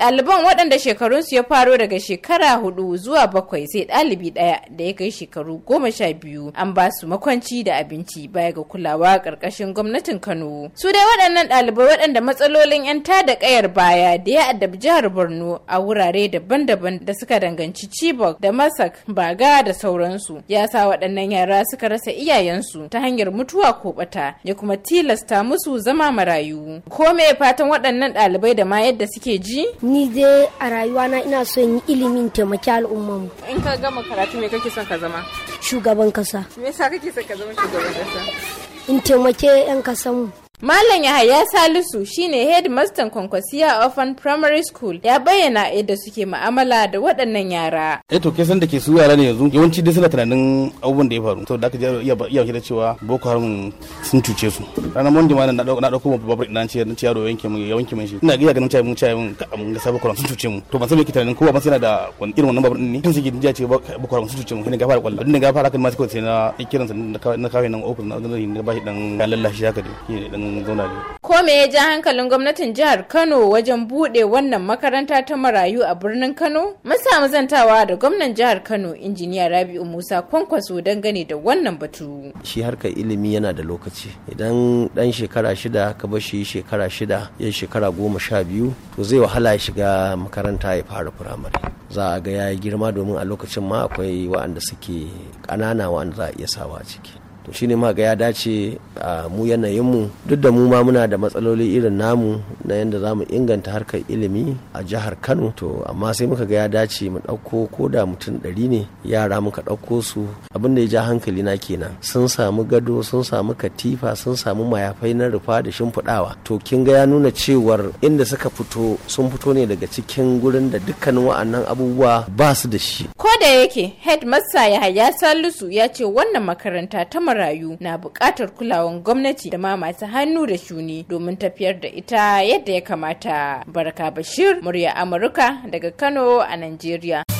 Ɗaliban waɗanda shekarunsu ya faro daga shekara hudu zuwa bakwai sai ɗalibi ɗaya da ya kai shekaru goma sha biyu an ba su makwanci da abinci baya ga kulawa ƙarƙashin gwamnatin Kano. Su dai waɗannan ɗalibai waɗanda matsalolin 'yan ta da ƙayar baya da ya addabi jihar Borno a wurare daban-daban da suka danganci Chibok da Masak, Baga da sauransu ya sa waɗannan yara suka rasa iyayensu ta hanyar mutuwa ko ɓata ya kuma tilasta musu zama marayu. Ko me fatan waɗannan ɗalibai da ma yadda suke ji? ni dai a rayuwa na ina son yi ilimin taimaki al'umma mu. In ka gama karatu me kake son ka zama? Shugaban kasa. Me yasa kake son ka zama shugaban kasa? In taimake 'yan kasa mu. Malam Yahaya Salisu shine headmaster Kwankwasiya Orphan Primary School ya bayyana yadda suke ma'amala da waɗannan yara. Eh to kesan da ke su yara ne yanzu yawanci dai suna tunanin abubuwan da ya faru. Saboda da aka iya iya da cewa Boko Haram sun cuce su. Ranar Monday ma na dauko babur ina ce na yaro yanke mu yanke mun shi. Ina ga ganin cewa mun cewa mun mun ga sabo Haram sun cuce mu. To ban san me ke tunanin kowa ba sai da irin wannan babur din ne. Kin suke jinja ce Boko Haram sun cuce mu. Kin ga fara kwallo. Din ga fara kan ma sai na kiransa na kawai nan open na ganin ba shi dan lallashi haka dai. mun Ko me ya ja hankalin gwamnatin jihar Kano wajen buɗe wannan makaranta ta marayu a birnin Kano? Mun samu zantawa da gwamnan jihar Kano injiniya Rabi'u Musa kwankwaso dangane da wannan batu. Shi harkar ilimi yana da lokaci. Idan ɗan shekara shida ka bar shi shekara shida ya shekara goma sha biyu to zai wahala ya shiga makaranta ya fara firamare. Za a ga ya girma domin a lokacin ma akwai wa'anda suke ƙanana wa'anda za a iya sawa a ciki. to shine ga ya dace a mu yanayinmu duk da mu ma muna da matsaloli irin namu na yadda za mu inganta harkar ilimi a jihar kano to amma sai muka ga ya dace mu ɗauko ko da mutum ɗari ne yara muka ɗauko su abin da ya ja hankali na kenan sun samu gado sun samu katifa sun samu mayafai na rufa da shimfiɗawa to kin ga ya nuna cewar inda suka fito sun fito ne daga cikin gurin da dukkanin wa'annan abubuwa ba su da shi ko da yake headmaster yahaya salisu ya ce wannan makaranta ta marayu na buƙatar kulawan gwamnati da ma masu hannu da shuni domin tafiyar da ita yadda ya kamata. Barka Bashir, murya Amurka daga Kano a Najeriya.